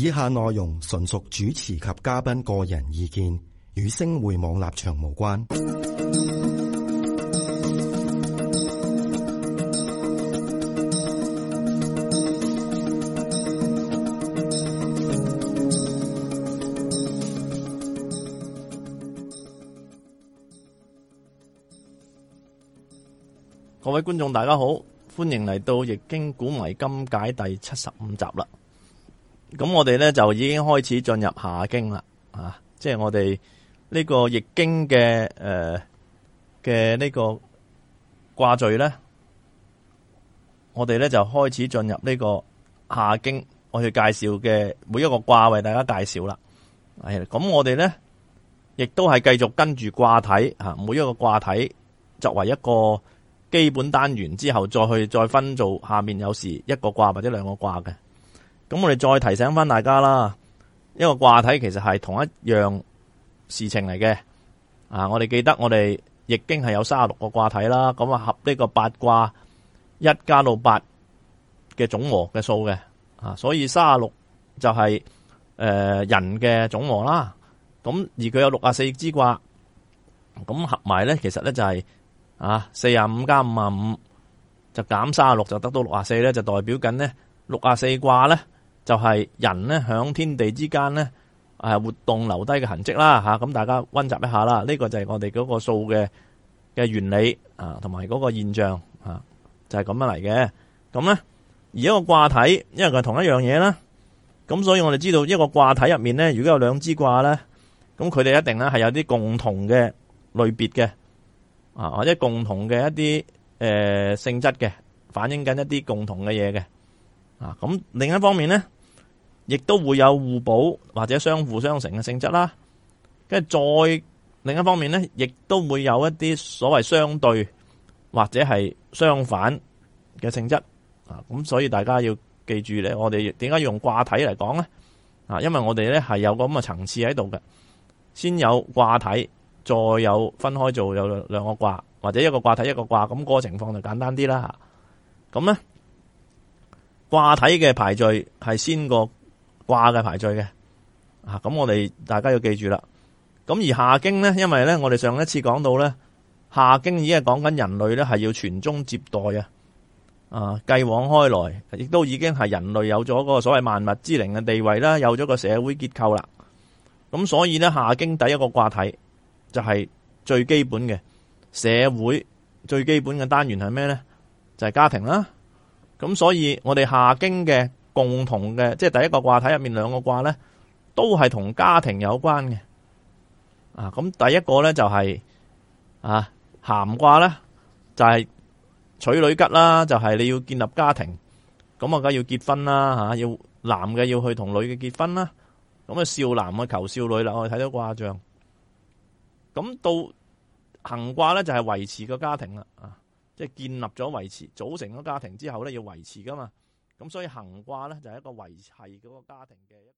以下內容純屬主持及嘉賓個人意見，與星匯網立場無關。各位觀眾，大家好，歡迎嚟到《易經古謎今解》第七十五集啦！咁我哋咧就已經開始進入下經啦，即係我哋呢個易經嘅誒嘅呢個卦序咧，我哋咧就開始進入呢個下經，我去介紹嘅每一個卦為大家介紹啦。係，咁我哋咧亦都係繼續跟住卦體啊，每一個卦體作為一個基本單元之後，再去再分做下面有時一個卦或者兩個卦嘅。咁我哋再提醒翻大家啦，一個卦體其實係同一樣事情嚟嘅，啊，我哋記得我哋易經係有卅六個卦體啦，咁啊合呢個八卦一加到八嘅總和嘅數嘅，啊，所以卅六就係誒人嘅總和啦，咁而佢有六啊四支卦，咁合埋咧，其實咧就係啊四啊五加五啊五就減卅六就得到六啊四咧，就代表緊咧六啊四卦咧。就係人咧，響天地之間咧，誒活動留低嘅痕跡啦吓，咁大家溫習一下啦。呢個就係我哋嗰個數嘅嘅原理啊，同埋嗰個現象吓，就係咁樣嚟嘅。咁咧，而一個卦體，因為佢係同一樣嘢啦，咁所以我哋知道，一個卦體入面咧，如果有兩支卦咧，咁佢哋一定咧係有啲共同嘅類別嘅，啊或者是共同嘅一啲誒性質嘅，反映緊一啲共同嘅嘢嘅，啊咁另一方面咧。亦都會有互補或者相輔相成嘅性質啦，跟住再另一方面呢，亦都會有一啲所謂相對或者係相反嘅性質啊。咁所以大家要記住咧，我哋點解要用卦體嚟講呢？啊，因為我哋呢係有個咁嘅層次喺度嘅，先有卦體，再有分開做有兩個卦或者一個卦體一個卦」那。咁個情況就簡單啲啦。咁呢「卦體嘅排序係先個。卦嘅排序嘅，啊，咁我哋大家要記住啦。咁而下經呢，因為呢，我哋上一次講到呢，下經已經係講緊人類呢係要傳宗接代啊，啊繼往開來，亦都已經係人類有咗個所謂萬物之靈嘅地位啦，有咗個社會結構啦。咁所以呢，下經第一個卦體就係最基本嘅社會最基本嘅單元係咩呢？就係家庭啦。咁所以我哋下經嘅。共同嘅，即係第一個卦體入面兩個卦咧，都係同家庭有關嘅。啊，咁第一個咧就係、是、啊咸卦咧就係、是、娶女吉啦，就係、是、你要建立家庭，咁啊梗係要結婚啦吓，要、啊、男嘅要去同女嘅結婚啦。咁啊少男啊求少女啦，我哋睇到卦象。咁到恆卦咧就係、是、維持個家庭啦，啊即係建立咗維持組成咗家庭之後咧，要維持噶嘛。咁所以恆卦呢，就係、是、一個維繫嗰個家庭嘅一個。